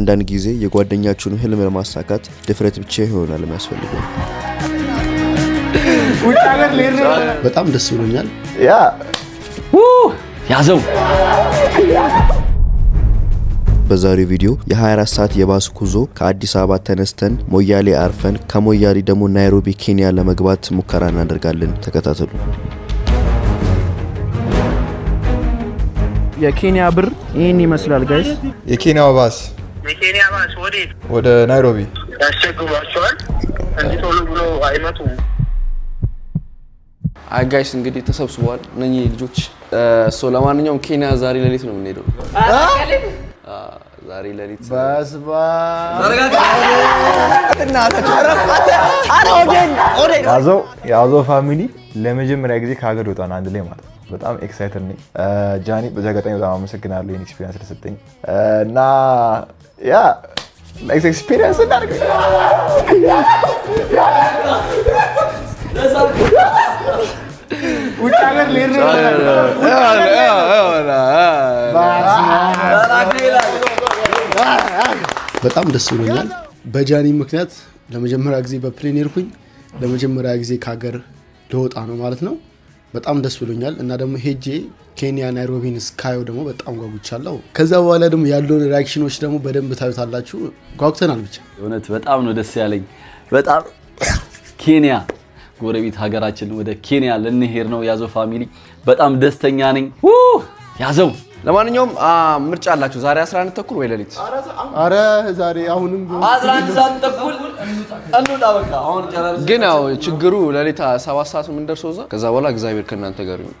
አንዳንድ ጊዜ የጓደኛችሁን ህልም ለማሳካት ድፍረት ብቻ ይሆናል የሚያስፈልገው። በጣም ደስ ብሎኛል። ያ ያዘው በዛሬው ቪዲዮ የ24 ሰዓት የባስ ጉዞ ከአዲስ አበባ ተነስተን ሞያሌ አርፈን ከሞያሌ ደግሞ ናይሮቢ ኬንያ ለመግባት ሙከራ እናደርጋለን። ተከታተሉ። የኬንያ ብር ይህን ይመስላል ጋይስ። የኬንያ ባስ የኬንያ ባስ ወዴት? ወደ ናይሮቢ ያስቸግሯቸዋል። እንዲህ ቶሎ ብሎ አይመጡም። አጋይስ እንግዲህ ተሰብስቧል። እነኚህ ልጆች። እሱ ለማንኛውም ኬንያ ዛሬ ሌሊት ነው የምንሄደው። ዛሬ ሌሊት ያዘው ፋሚሊ ለመጀመሪያ ጊዜ ከሀገር ይወጣን አንድ ላይ ማለት በጣም ኤክሳይትድ ነኝ። ጃኒ በዚህ አጋጣሚ በጣም አመሰግናለሁ ይህን ኤክስፔሪንስ ስለሰጠኝ እና ያ ኤክስፔሪንስ በጣም ደስ ብሎኛል። በጃኒ ምክንያት ለመጀመሪያ ጊዜ በፕሌን ሄድኩኝ። ለመጀመሪያ ጊዜ ከሀገር ልወጣ ነው ማለት ነው። በጣም ደስ ብሎኛል እና ደግሞ ሄጄ ኬንያ ናይሮቢን ስካየው ደግሞ በጣም ጓጉቻለሁ። ከዛ በኋላ ደግሞ ያለውን ሪያክሽኖች ደግሞ በደንብ ታዩታላችሁ። ጓጉተናል ብቻ እውነት በጣም ነው ደስ ያለኝ። በጣም ኬንያ ጎረቤት ሀገራችን፣ ወደ ኬንያ ልንሄድ ነው። ያዘው ፋሚሊ በጣም ደስተኛ ነኝ። ያዘው ለማንኛውም ምርጫ አላችሁ። ዛሬ 11 ተኩል ወይ ሌሊት? አረ ዛሬ አሁንም ግን ያው ችግሩ ሌሊት ሰባት ሰዓት የምንደርሰው እዛ። ከዛ በኋላ እግዚአብሔር ከእናንተ ጋር ይሁን።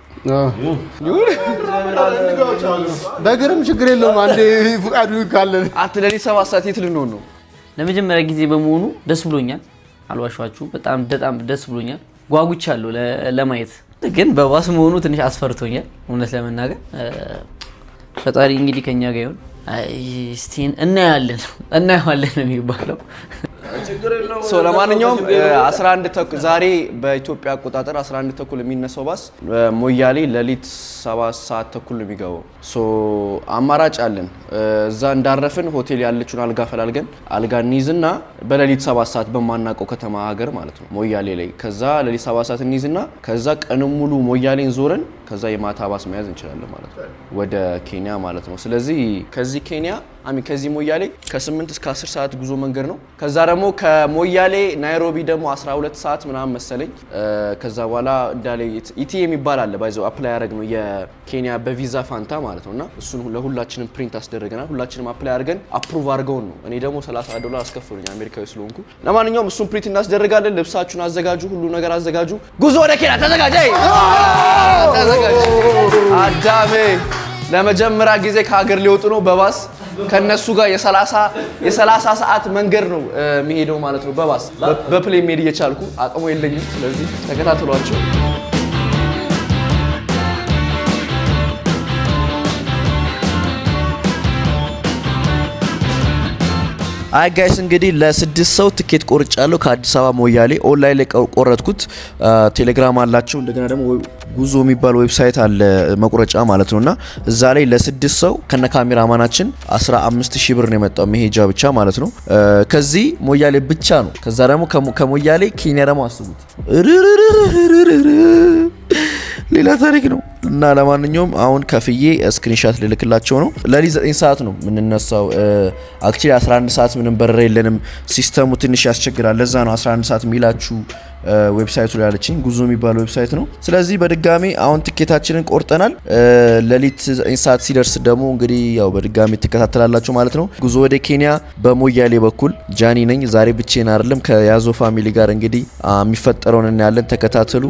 በእግርም ችግር የለውም። አንዴ ፍቃዱ ካለን አት ሌሊት ሰባት ሰዓት የት ልንሆን ነው? ለመጀመሪያ ጊዜ በመሆኑ ደስ ብሎኛል። አልዋሻችሁ፣ በጣም በጣም ደስ ብሎኛል። ጓጉቻለሁ ለማየት። ግን በባስ መሆኑ ትንሽ አስፈርቶኛል እውነት ለመናገር ፈጣሪ እንግዲህ ከኛ ጋር ይሁን። ስቲን እናያለን እናየዋለን የሚባለው ለማንኛውም 11 ተኩል ዛሬ በኢትዮጵያ አቆጣጠር 11 ተኩል የሚነሳው ባስ ሞያሌ ሌሊት ሰባት ሰዓት ተኩል ነው የሚገባው። ሶ አማራጭ አለን። እዛ እንዳረፍን ሆቴል ያለችን አልጋ ፈላልገን አልጋ እንይዝና በሌሊት ሰባት ሰዓት በማናውቀው ከተማ ሀገር ማለት ነው ሞያሌ ላይ ከዛ ሌሊት ሰባት ሰዓት እንይዝና ከዛ ቀን ሙሉ ሞያሌን ዞረን ከዛ የማታ ባስ መያዝ እንችላለን ማለት ነው ወደ ኬንያ ማለት ነው። ስለዚህ ከዚህ ኬንያ አሚ ከዚህ ሞያሌ ከ8 እስከ 10 ሰዓት ጉዞ መንገድ ነው። ከዛ ደግሞ ከሞያሌ ናይሮቢ ደግሞ 12 ሰዓት ምናምን መሰለኝ። ከዛ በኋላ እንዳለ ኢቲ የሚባል አለ ባይዘው አፕላይ ያደረግ ነው የኬንያ በቪዛ ፋንታ ማለት ነው እና እሱን ለሁላችንም ፕሪንት አስደረገናል። ሁላችንም አፕላይ አድርገን አፕሩቭ አድርገውን ነው። እኔ ደግሞ 30 ዶላር አስከፍሉኝ አሜሪካዊ ስለሆንኩ። ለማንኛውም እሱን ፕሪንት እናስደርጋለን። ልብሳችሁን አዘጋጁ፣ ሁሉ ነገር አዘጋጁ። ጉዞ ወደ ኬላ ተዘጋጀ። አዳሜ ለመጀመሪያ ጊዜ ከሀገር ሊወጡ ነው በባስ ከነሱ ጋር የሰላሳ ሰዓት መንገድ ነው የሚሄደው ማለት ነው በባስ በፕሌን መሄድ እየቻልኩ አቅሙ የለኝም። ስለዚህ ተከታተሏቸው። አይ ጋይስ እንግዲህ ለስድስት ሰው ትኬት ቆርጫለሁ ከአዲስ አበባ ሞያሌ ኦንላይን ላይ ቆረጥኩት። ቴሌግራም አላቸው እንደገና ደግሞ ጉዞ የሚባል ዌብሳይት አለ መቁረጫ ማለት ነውና እዛ ላይ ለስድስት ሰው ከነ ካሜራ ማናችን 15000 ብር ነው የመጣው መሄጃ ብቻ ማለት ነው። ከዚህ ሞያሌ ብቻ ነው። ከዛ ደግሞ ከሞያሌ ኬንያ ደግሞ አስቡት ሌላ ታሪክ ነው እና ለማንኛውም አሁን ከፍዬ ስክሪንሻት ልልክላቸው ነው። ለሊት 9 ሰዓት ነው የምንነሳው። አክቹሊ 11 ሰዓት ምንም በረራ የለንም። ሲስተሙ ትንሽ ያስቸግራል። ለዛ ነው 11 ሰዓት የሚላችሁ ዌብሳይቱ ላይ ያለችኝ ጉዞ የሚባል ዌብሳይት ነው። ስለዚህ በድጋሚ አሁን ትኬታችንን ቆርጠናል። ለሊት 9 ሰዓት ሲደርስ ደግሞ እንግዲህ ያው በድጋሚ ትከታተላላችሁ ማለት ነው። ጉዞ ወደ ኬንያ በሞያሌ በኩል ጃኒ ነኝ። ዛሬ ብቼን አይደለም ከያዞ ፋሚሊ ጋር እንግዲህ የሚፈጠረውን እናያለን። ተከታተሉ።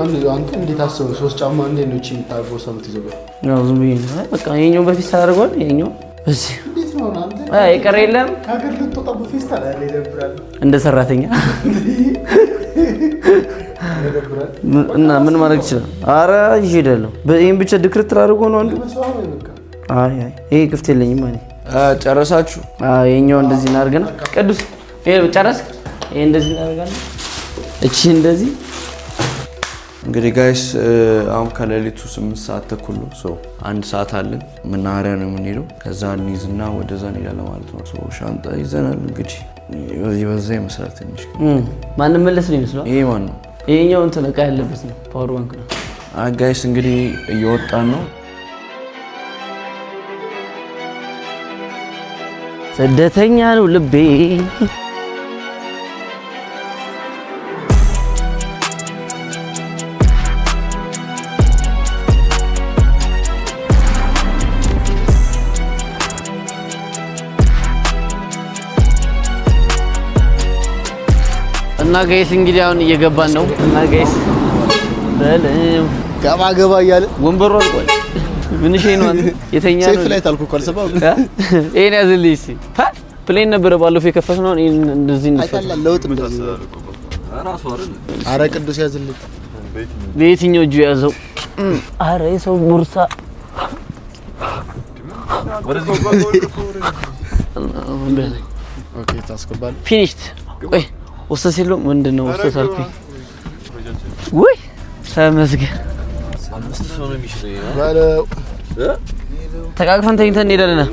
አንተ እንዴት አስበው ሶስት ጫማ እንዴት ነው እቺ የምታርገው? ሰምት ይዘው ዝም ብዬ ነው በቃ። ይሄኛው በፊት ታደርገዋል። ይሄኛው በዚህ እንዴት የለም እንደ ሰራተኛ እና ምን ማድረግ ይችላል? አረ ይሄዳለሁ። ይሄን ብቻ ድክርት አድርጎ ነው አንዱ። ይሄ ክፍት የለኝም ማለት ጨረሳችሁ? አዎ እንደዚህ እናድርገና ቅዱስ ይሄ ይሄ እንደዚህ እናደርጋለን። እቺ እንደዚህ እንግዲህ ጋይስ አሁን ከሌሊቱ ስምንት ሰዓት ተኩል ነው። አንድ ሰዓት አለን። መናኸሪያ ነው የምንሄደው። ከዛ እንይዝና ወደዛ እንሄዳለን ማለት ነው። ሻንጣ ይዘናል። እንግዲህ በዛ ይመስላል። ትንሽ ማንም መለስ ነው ይመስላል። ይሄ ማን ነው? ይሄኛው እንትን ዕቃ ያለበት ነው። ፓወር ባንክ ነው። ጋይስ እንግዲህ እየወጣን ነው። ስደተኛ ነው ልቤ እና ጋይስ እንግዲህ አሁን እየገባን ነው። እና ጋይስ በል ገባ ገባ እያለ ወንበሩ አልቋል። ምን ሼ ነው አንተ የተኛ ነው ሴፍ ላይ ታልኩ እኮ አልሰማሁም። ይሄን ያዝልኝ እስኪ ፕሌን ነበረ ባለፈው የከፈትነው ይሄን እንደዚህ እንድፈት ለውጥ ነው ራሱ አይደል? አረ ቅዱስ ያዝልኝ። በየትኛው እጁ ያዘው? አረ የሰው ቦርሳ ኦኬ ታስገባለህ። ፊኒሽድ ቆይ ውስጥ የለውም ምንድን ነው ውስጥ አልኩኝ። ውይ ተመስገን። ተቃቅፈን ተኝተን እንሄዳለን።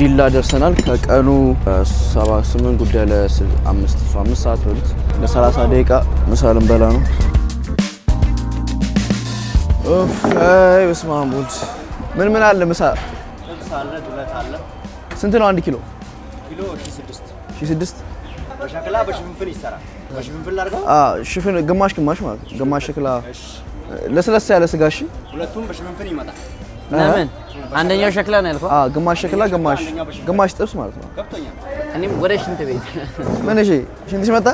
ዲላ ደርሰናል። ከቀኑ 78 ጉዳይ ለአምስት ሰዓት ወዲት ለ30 ደቂቃ ምሳ ልንበላ ነው። በስመ አብ ወልድ ምን ምን አለ ምሳ? ስንት ነው አንድ ኪሎ? ሽፍን ግማሽ ግማሽ ማለት ግማሽ ሸክላ ለስለስ ያለ ስጋ ሁለቱም በሽፍንፍን ይመጣል ለምን አንደኛው ሸክላ ነው ያልከው? አዎ፣ ግማሽ ሸክላ ግማሽ ግማሽ ጥብስ ማለት ነው። እኔም ወደ ሽንት ቤት ምን? እሺ፣ ሽንት ሲመጣ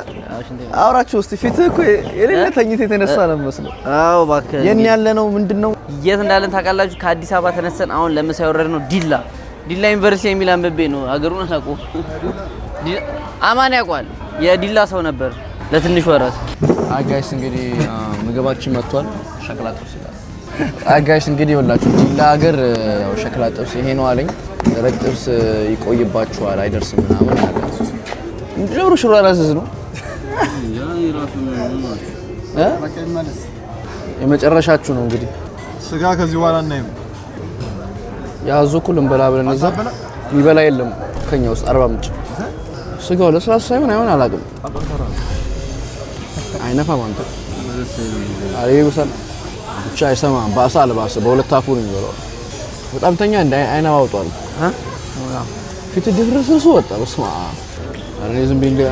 አውራችሁ እስቲ። ፊትህ እኮ የሌለ ተኝት የተነሳ ነው መስሎ። አዎ፣ እባክህ የኔ ያለ ነው። ምንድነው የት እንዳለን ታውቃላችሁ? ከአዲስ አበባ ተነስተን አሁን ለምሳ ነው ዲላ ዲላ ዩኒቨርሲቲ የሚል አንብቤ ነው። አገሩን አላውቀውም። አማን ያውቋል። የዲላ ሰው ነበር ለትንሽ ወራት። አጋይስ እንግዲህ ምግባችን መጥቷል። ሸክላ ጥብስ ይላል አጋሽ እንግዲህ ወላችሁ ይኸውላችሁ ለሀገር ሸክላ ጥብስ ይሄ ነው አለኝ። ደረቅ ጥብስ ይቆይባችኋል አይደርስም ምናምን አለ። ጆሮ ሽሮ አላዘዝ ነው የመጨረሻችሁ ነው እንግዲህ። ስጋ ከዚህ በኋላ እናይም። ያዙ እኩል እንበላ ብለን እዛ የሚበላ የለም ከኛ ውስጥ አርባ ምንጭ ስጋው ለስላሳ ሳይሆን አይሆን አላውቅም። አይነፋም አንተ አሬ ብቻ አይሰማም። በአሳ አልባሰ በሁለት አፉ ነው የሚበላው። በጣም ተኛ እንደ አይና አውጧል። ፊት ድፍርስርሱ ወጣ። በስማ እኔ ዝም ብዬ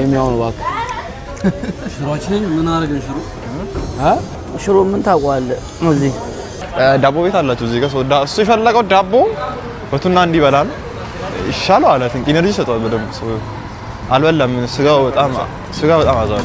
የሚያው ነው እባክህ። ሽሮአችንን ምን አደረግን? ሽሮ ሽሮ ምን ታውቀዋለህ? እዚህ ዳቦ ቤት አላችሁ እዚህ ጋር ሰው እሱ የፈለቀው ዳቦ ወቱና እንዲበላል ይሻለው አለ። ኢነርጂ ሰጠዋል በደምብ አልበላም። ስጋው በጣም ስጋው በጣም አዛዋል።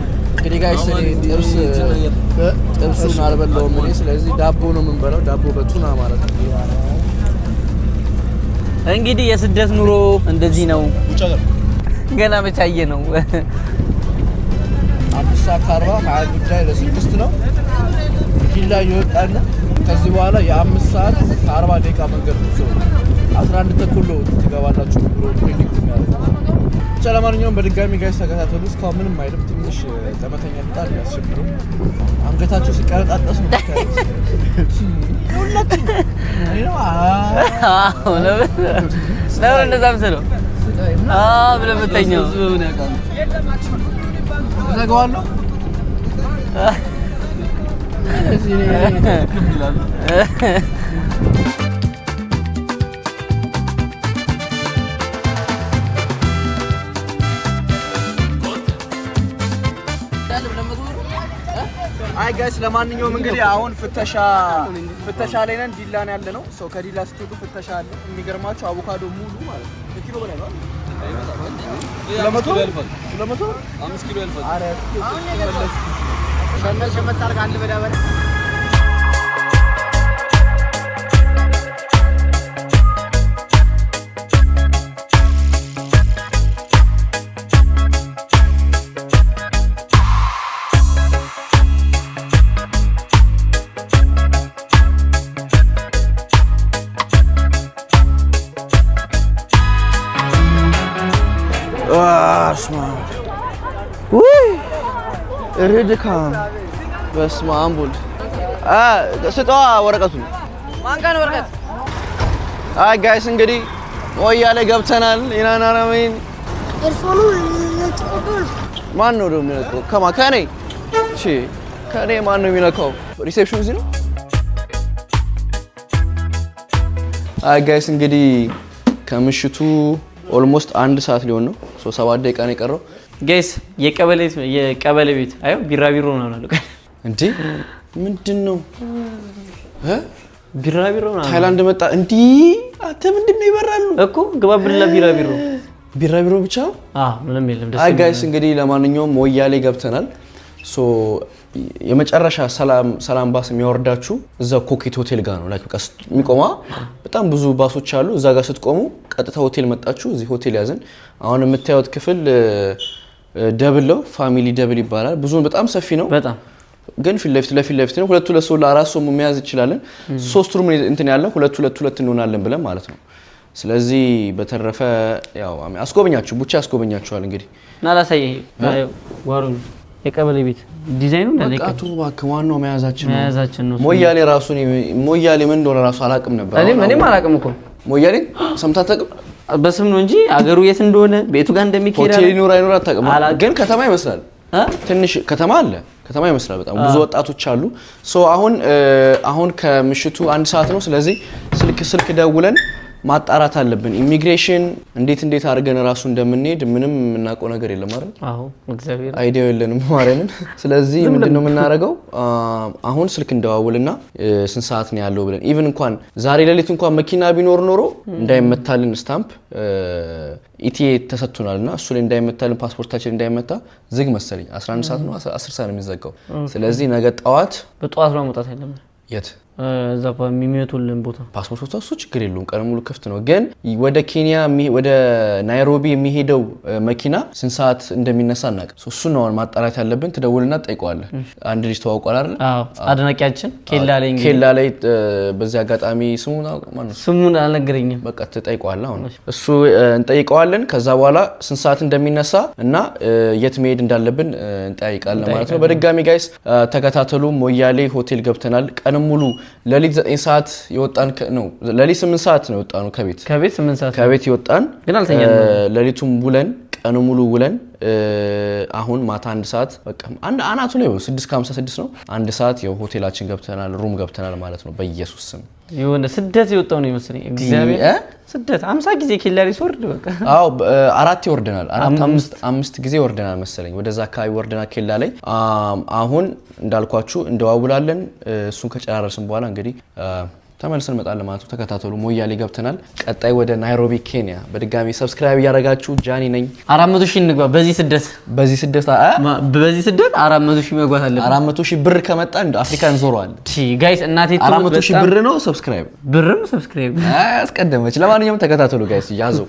እንግዲህ ጋይስ ጥብስ ጥብሱን አልበላውም እኔ። ስለዚህ ዳቦ ነው የምንበላው፣ ዳቦ በቱና ማለት ነው። እንግዲህ የስደት ኑሮ እንደዚህ ነው። ገና መቻየ ነው። አምስት ሰዓት ከአርባ ማዕድ ጉዳይ ለስድስት ነው ኪላ እየወጣን ከዚህ በኋላ የአምስት ሰዓት ከአርባ ደቂቃ መንገድ ነው። አስራ አንድ ተኩል ትገባላችሁ ብሎ ትሬኒንግ ያደርግ ብቻ ለማንኛውም በድጋሚ ጋይስ ተከታተሉ። እስካሁን ምንም አይልም። ትንሽ ለመተኛ ጣል ያስቸግሩ አንገታቸው ሲቀረጣጠስ ነው ሁላችሁ እንደዛ ምስለው ብለህ የምተኛው ዘገዋለሁ ይላሉ ሀይ ጋይስ ለማንኛውም እንግዲህ አሁን ፍተሻ ፍተሻ ላይ ነን። ዲላ ነው ያለ ነው ሰው ከዲላ ስትወጡ ፍተሻ አለ። የሚገርማቸው አቮካዶ ሙሉ ማለት ነው ኪሎ በላይ ነው ለመቶ አምስት ኪሎ ያልፋል። በስመ አብ ውይ እህ ድካም በስመ አብ ወልድ ስጠዋ ወረቀቱን ማንቀን ወረቀት አይ ጋይስ እንግዲህ ወያ ላይ ገብተናል። ኢናናናሜን ማን ነው ደግሞ የሚነቀው? ከማ ከኔ እሺ ከኔ ማን ነው የሚነካው? ሪሴፕሽኑ እዚህ ነው። አይ ጋይስ እንግዲህ ከምሽቱ ኦልሞስት አንድ ሰዓት ሊሆን ነው። ሰባት ደቂቃ ነው የቀረው። ጋይስ የቀበሌ ቤት ቢራቢሮ ነው አሉ። እንዴ ምንድን ነው ቢራቢሮ? ታይላንድ መጣ እንዲ አንተ ምንድን ነው ይበራሉ እኮ ግባ ብላ ቢራቢሮ ቢራቢሮ ብቻ ምንም የለም። ጋይስ እንግዲህ ለማንኛውም ወያሌ ገብተናል። የመጨረሻ ሰላም ባስ የሚያወርዳችሁ እዛ ኮኬት ሆቴል ጋር ነው የሚቆማ። በጣም ብዙ ባሶች አሉ። እዛ ጋር ስትቆሙ ቀጥታ ሆቴል መጣችሁ። እዚህ ሆቴል ያዝን። አሁን የምታዩት ክፍል ደብል ነው፣ ፋሚሊ ደብል ይባላል። ብዙ በጣም ሰፊ ነው። በጣም ግን ፊት ለፊት ለፊት ለፊት ነው። ሁለት ሁለት ሰው ለአራት ሰው መያዝ ይችላለን። ሶስት ሩም እንትን ያለ ሁለት ሁለት ሁለት እንሆናለን ብለን ማለት ነው። ስለዚህ በተረፈ ያው አስጎበኛችሁ ቡቻ አስጎበኛችኋል። እንግዲህ እና ላሳየ ናላሳየ ጓሩ የቀበሌ ቤት ዲዛይኑ ለለቀቱ እባክህ፣ ዋናው መያዛችን ነው መያዛችን ነው። ሞያሌ ራሱ ሞያሌ ምን እንደሆነ ራሱ አላውቅም ነበር። እኔም አላውቅም እኮ ሞያሌ ሰምተህ አታውቅም? በስም ነው እንጂ አገሩ የት እንደሆነ ቤቱ ጋር እንደሚኬድ ሆቴል ይኖር አይኖር አታውቅም። ግን ከተማ ይመስላል፣ ትንሽ ከተማ አለ፣ ከተማ ይመስላል። በጣም ብዙ ወጣቶች አሉ። አሁን አሁን ከምሽቱ አንድ ሰዓት ነው። ስለዚህ ስልክ ስልክ ደውለን ማጣራት አለብን። ኢሚግሬሽን እንዴት እንዴት አድርገን እራሱ እንደምንሄድ ምንም የምናውቀው ነገር የለም አይደል? አይዲያ የለንም ማርያምን። ስለዚህ ምንድን ነው የምናደርገው? አሁን ስልክ እንደዋውልና ስንት ሰዓት ነው ያለው ብለን ኢቭን እንኳን ዛሬ ሌሊት እንኳን መኪና ቢኖር ኖሮ እንዳይመታልን ስታምፕ ኢቲኤ ተሰጥቶናል እና እሱ ላይ እንዳይመታልን ፓስፖርታችን እንዳይመታ ዝግ መሰለኝ 11 ሰዓት ነው 10 ሰዓት ነው የሚዘጋው። ስለዚህ ነገ ጠዋት በጠዋት ነው መውጣት ያለብን የት እዛ የሚመቱልን ቦታ ፓስፖርት ወጥቷ እሱ ችግር የለውም፣ ቀን ሙሉ ክፍት ነው። ግን ወደ ኬንያ ወደ ናይሮቢ የሚሄደው መኪና ስንት ሰዓት እንደሚነሳ እናውቅ። እሱን ነው ማጣራት ያለብን። ትደውልና ትጠይቀዋለህ። አንድ ልጅ ተዋውቋል አይደል? አድናቂያችን ኬላ ላይ ኬላ ላይ በዚህ አጋጣሚ ስሙን ስሙን አልነገረኝም። በቃ ትጠይቀዋለህ። አሁን እሱ እንጠይቀዋለን። ከዛ በኋላ ስንት ሰዓት እንደሚነሳ እና የት መሄድ እንዳለብን እንጠያይቃለን ማለት ነው። በድጋሚ ጋይስ ተከታተሉ። ሞያሌ ሆቴል ገብተናል። ቀንም ሙሉ ለሊት ዘጠኝ ሰዓት የወጣን ነው። ለሊት ስምንት ሰዓት ነው የወጣ ነው ከቤት ከቤት ስምንት ሰዓት ከቤት የወጣን ግን አልተኛንም። ለሊቱም ውለን ቀኑ ሙሉ ውለን አሁን ማታ አንድ ሰዓት በቃ አንድ አናቱ ላይ ስድስት ከሀምሳ ስድስት ነው አንድ ሰዓት ያው ሆቴላችን ገብተናል፣ ሩም ገብተናል ማለት ነው። በኢየሱስ ስም የሆነ ስደት የወጣው ነው ይመስለኝ እግዚአብሔር ስደት አምሳ ጊዜ ኬላሪ ሲወርድ በቃ አዎ፣ አራት ይወርደናል፣ አምስት ጊዜ ይወርደናል መሰለኝ። ወደዛ አካባቢ ወርደናል ኬላ ላይ። አሁን እንዳልኳችሁ እንደዋውላለን። እሱን ከጨራረስን በኋላ እንግዲህ ተመልሰን እንመጣለን ማለት ነው። ተከታተሉ። ሞያሌ ገብተናል። ቀጣይ ወደ ናይሮቢ ኬንያ። በድጋሚ ሰብስክራይብ እያደረጋችሁ ጃኒ ነኝ። አራት መቶ ሺህ እንግባ። በዚህ ስደት በዚህ ስደት በዚህ ስደት አራት መቶ ሺህ መግባት አለብን። አራት መቶ ሺህ ብር ከመጣ እንደ አፍሪካ እንዞረዋለን። ጋይስ እናቴ አራት መቶ ሺህ ብር ነው። ሰብስክራይብ ብርም ሰብስክራይብ አስቀደመች። ለማንኛውም ተከታተሉ ጋይስ ያዙ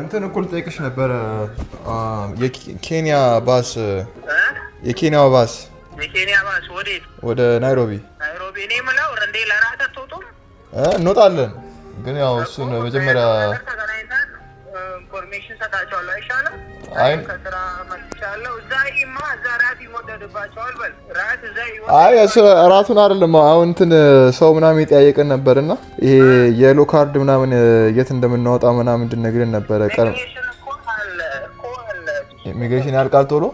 እንትን እኩል ጠይቅሽ ነበረ የኬንያ ባስ የኬንያ ባስ የኬንያ ባስ ወዴት? ወደ ናይሮቢ። ናይሮቢ እኔ የምለው እንዴ ለራት አትወጡም? እንወጣለን፣ ግን ያው እሱን መጀመሪያ ኢንፎርሜሽን ሰጣቸዋለሁ። አይሻልም? አይ ከስራ እዛ እዛ ራት ይወደድባቸዋል። በል ራት እዛ ይወደድ። አይ እሱ ራቱን አይደለም አሁን እንትን ሰው ምናምን የጠያየቅን ነበርና ይሄ የሎ ካርድ ምናምን የት እንደምናወጣ ምናምን እንድነግረን ነበረ። ቀር ኢሚግሬሽን ያልቃል ቶሎ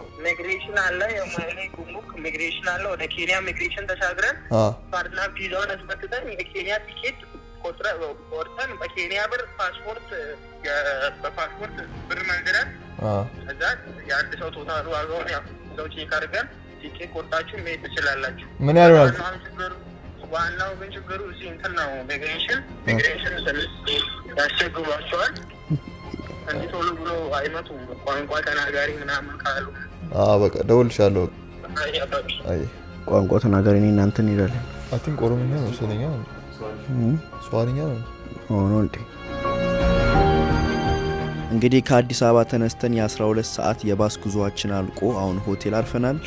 አውቃለሁ። ወደ ኬንያ ሚግሬሽን ተሻግረን ፓርትና ቪዛውን አስመትተን የኬንያ ቲኬት ቆርጠን በኬንያ ብር ፓስፖርት በፓስፖርት ብር መንግረን እዛ የአንድ ሰው ቶታሉ ዋጋውን ሰው ቼክ አድርገን ቲኬት ቆርጣችሁ መሄድ ትችላላችሁ። ምን ያህል ዋናው ግን ችግሩ እዚህ እንትን ነው። ሚግሬሽን ሚግሬሽን ኢሚግሬሽን ያስቸግሯቸዋል። እንዲህ ቶሎ ብሎ አይመጡም። ቋንቋ ተናጋሪ ምናምን ካሉ በቃ ደውልሻለሁ። ቋንቋ ተናጋሪ እኔ እናንተን እንሄዳለን። አን ኦሮምኛ ነው ስለኛ ሰዋልኛ ነው እንዴ? እንግዲህ ከአዲስ አበባ ተነስተን የ12 ሰዓት የባስ ጉዞችን አልቆ አሁን ሆቴል አርፈናል።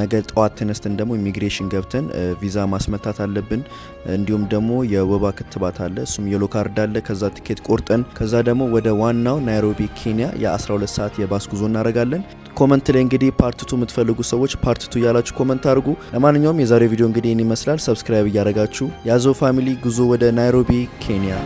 ነገ ጠዋት ተነስተን ደግሞ ኢሚግሬሽን ገብተን ቪዛ ማስመታት አለብን። እንዲሁም ደግሞ የወባ ክትባት አለ፣ እሱም የሎ ካርድ አለ። ከዛ ትኬት ቆርጠን ከዛ ደግሞ ወደ ዋናው ናይሮቢ ኬንያ የ12 ሰዓት የባስ ጉዞ እናደርጋለን። ኮመንት ላይ እንግዲህ ቱ የምትፈልጉ ሰዎች ቱ እያላችሁ ኮመንት አድርጉ። ለማንኛውም የዛሬው ቪዲዮ እንግዲህ ይህን ይመስላል። ሰብስክራይብ እያደረጋችሁ ያዞ ፋሚሊ ጉዞ ወደ ናይሮቢ ኬንያ